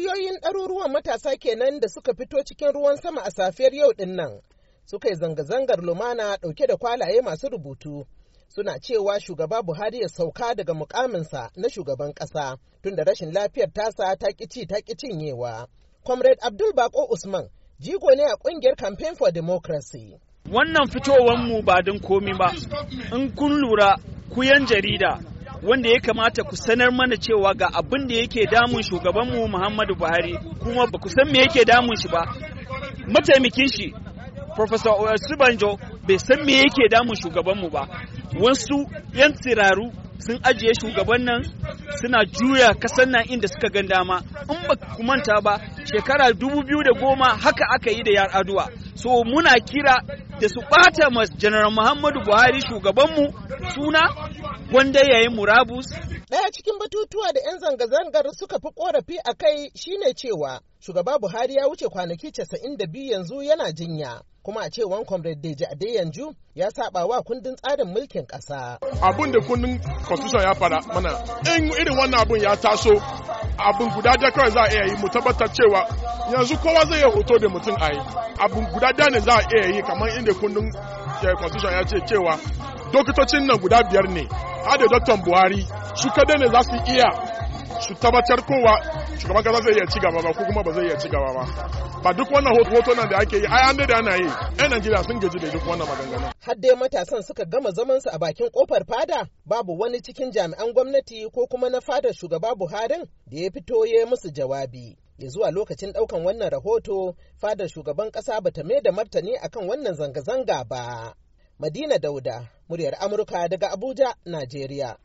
Muryoyin ɗaruruwan matasa kenan da suka fito cikin ruwan sama a safiyar yau ɗin nan suka yi zanga-zangar lumana ɗauke da kwalaye masu rubutu. Suna cewa shugaba Buhari ya sauka daga mukaminsa na shugaban ƙasa tunda rashin lafiyar tasa ta ƙici ta cinyewa. Comrade Abdul Bako Usman jigo ne a ƙungiyar Campaign for Democracy. Wannan fitowar mu ba don komi ba, in kun lura kuyan jarida wanda ya kamata ku sanar mana cewa ga abin da yake damun shugabanmu Muhammadu Buhari kuma ba ku san me yake damun shi ba mataimakin shi Professor Osibanjo bai san me yake damun shugabanmu ba wasu yan tsiraru sun ajiye shugaban nan suna juya kasan nan inda suka gan dama in ba ku manta ba shekara dubu biyu da goma haka aka yi da yar aduwa so muna kira da su ɓata mas janar muhammadu buhari shugabanmu suna wanda yayin murabus Daya cikin batutuwa da 'yan zanga-zangar suka fi korafi a kai shine cewa shugaba Buhari ya wuce kwanaki 92 yanzu yana jinya. Kuma a cewan Comrade Deji yanzu ya saba wa kundin tsarin mulkin ƙasa. Abun da kundin Constitution ya fara mana, irin wannan abun ya taso abin guda da kawai za a iya yi mu tabbatar cewa yanzu kowa zai yi hoto da mutum a yi abin guda da ne za a iya yi kamar inda kundin eh, constitution ya ce cewa dokitocin nan guda biyar ne har da buhari su kada ne za su iya su tabbatar kowa shugaban kasa zai iya ci gaba ba ko kuma ba zai iya ci gaba ba ba duk wannan hoto nan da ake yi ai an da ana yi yan Najeriya sun gaji da duk wannan maganganu har dai matasan suka gama zaman su a bakin kofar fada babu wani cikin jami'an gwamnati ko kuma na fadar shugaba Buhari da ya fito ya musu jawabi ya zuwa lokacin daukan wannan rahoto fadar shugaban kasa ba ta da martani akan wannan zanga-zanga ba Madina Dauda, muryar Amurka daga Abuja, Najeriya.